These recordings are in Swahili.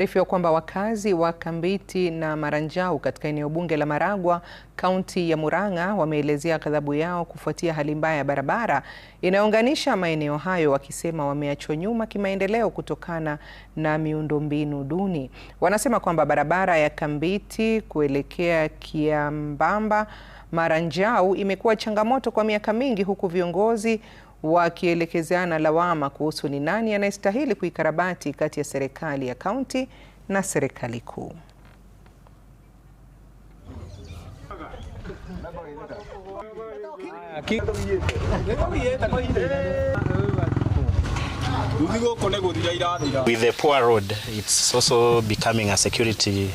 Taarifa kwamba wakazi wa Kambiti na Maranjau katika eneo bunge la Maragwa kaunti ya Murang'a wameelezea ghadhabu yao kufuatia hali mbaya ya barabara inayounganisha maeneo hayo, wakisema wameachwa nyuma kimaendeleo kutokana na miundombinu duni. Wanasema kwamba barabara ya Kambiti kuelekea Kiambamba Maranjau imekuwa changamoto kwa miaka mingi, huku viongozi wakielekezeana lawama kuhusu ni nani anayestahili kuikarabati kati ya serikali ya kaunti na serikali kuu. With the poor road, it's also becoming a security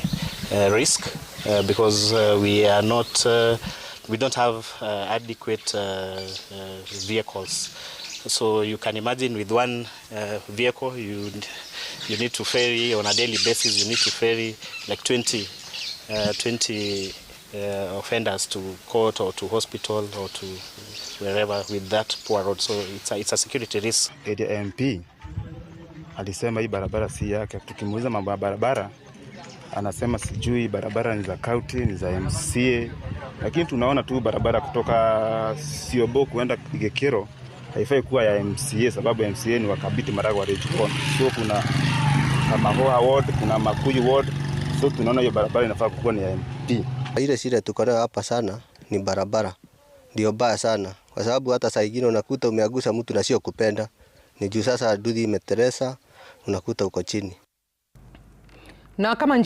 uh, risk uh, because uh, we are not uh, we don't have uh, adequate uh, uh, vehicles. So you can imagine with one uh, vehicle you, you need to ferry on a daily basis, you need to ferry like 20, uh, 20 uh, offenders to court or to hospital or to wherever with that poor road. So it's a, it's a security risk. MP alisema hii barabara si yake. Tukimuuliza mambo ya barabara anasema sijui barabara ni za county, ni za MCA lakini tunaona tu barabara kutoka Siobo kuenda Kigekero haifai kuwa ya MCA sababu MCA ni Wakabiti, Maragwa region. So kuna Kamahoa ward, kuna Makuyu ward, so tunaona hiyo barabara inafaa kuwa ni ya MP. Ile shida tuko nayo hapa sana ni barabara, ndio baya sana kwa sababu hata saa ingine unakuta umeagusa mtu na sio kupenda, ni juu sasa duthi imeteresa, unakuta uko chini na kama